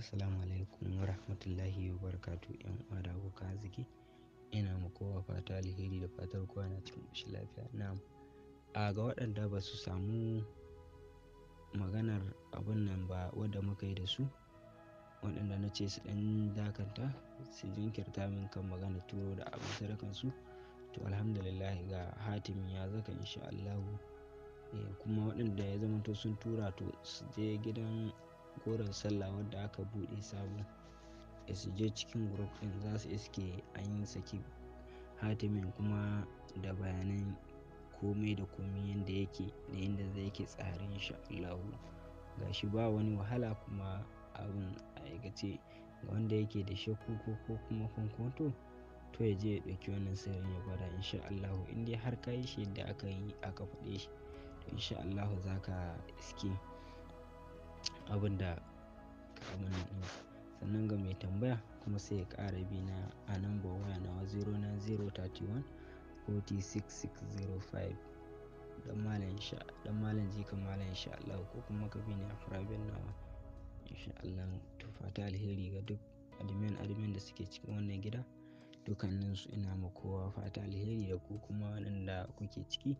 Assalamu alaikum wa rahmatullahi wa barakatu Yan uwa da abokan arziki, ina ma kowa fata alheri da fatar kowa na cikin ƙoshin lafiya. Na'am, a ga waɗanda ba su samu maganar abun nan ba wadda muka yi da su, waɗanda na ce su ɗan dakanta, su jinkirta min kan magana turo da abin sadakansu. To, alhamdulillah ga hatimin ya zaka insha Allahu. Eh, kuma waɗanda ya zamanto sun tura to su je gidan koren sallah wanda aka buɗe sabo da su je cikin group ɗin za su iske an yi saki hatimin kuma da bayanan komai da komai yadda yake da yadda zai yake tsarin insha ga shi ba wani wahala kuma abin aikace ga wanda yake da shakku ko kuma kwankwanto to ya je ya ɗauki wannan sirrin ya gwada insha Allah in dai har ka yi shi yadda aka yi aka faɗe shi to insha Allah za ka iske abin da sannan ga mai tambaya kuma sai ya ƙara bi na a number waya nawa 09031 46605 dan malam insha dan malam jika insha Allah ko kuma ka bi ni a private nawa insha Allah to fata alheri ga duk admin admin da suke cikin wannan gida dukkanin ina ma kowa fata alheri da ku kuma waɗanda kuke ciki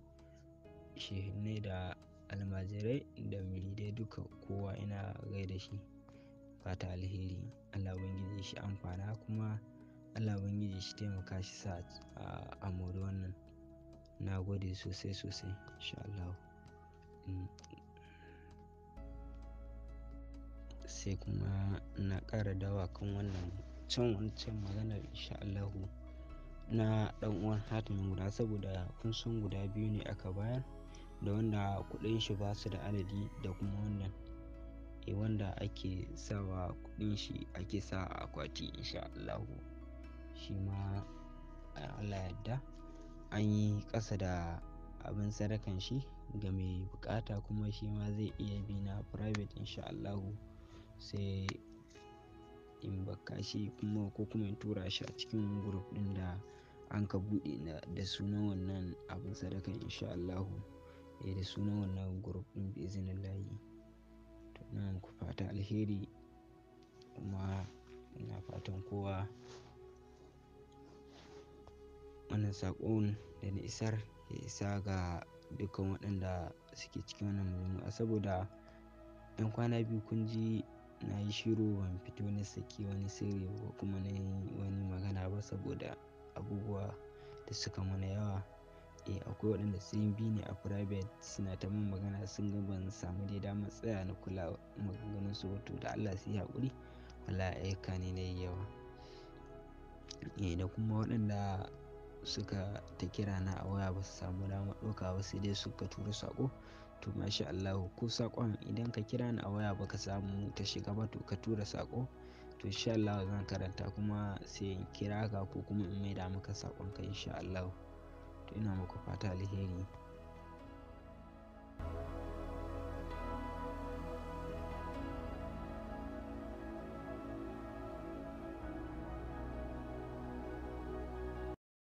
shehinai da almajirai da dai duka kowa ina gaida shi. Fata alheri Allah ubangiji shi amfana kuma Allah ubangiji shi taimaka shi sa a mori wannan. Na gode sosai sosai in mm. Sai kuma na kara dawa kan wannan can wancan maganar in na dan uwan Hatimin guda saboda kun san guda biyu ne aka bayar. da wanda kudin shi ba su da adadi da kuma wannan eh wanda ake sawa kudin shi ake sa a akwati insha Allah shi ma Allah yadda an yi ƙasa da abin sadakan shi ga mai bukata kuma shi ma zai iya bi na private insha Allah sai in baka shi kuma ko kuma in tura shi a cikin group din da an ka buɗe da sunan wannan abin sadakan insha Allah eh da sunan wannan group din bi izinin layi. To ina muku fatan alheri kuma ina fatan kowa wannan sakon da na isar ya isa ga dukkan waɗanda suke cikin wannan mujami'a saboda 'yan kwana biyu kun ji na yi shiru ban fito na saki wani sirri ko kuma na wani magana ba saboda abubuwa da suka mana yawa. Eh akwai waɗanda sun bi ne a private suna ta min magana sun ga ban samu dai damar tsaya na kula maganganun su da Allah su yi haƙuri. ya aika ne na yawa. Eh da kuma waɗanda suka ta kira na a waya ba su samu damar ɗauka ba sai dai suka tura saƙo. To masha Allahu ko saƙon idan ka kira ni a waya ba ka samu ta shiga ba to ka tura saƙo. To insha Allahu zan karanta kuma sai in kira ka ko kuma in maida maka saƙon ka insha Allah ina muku fata alheri.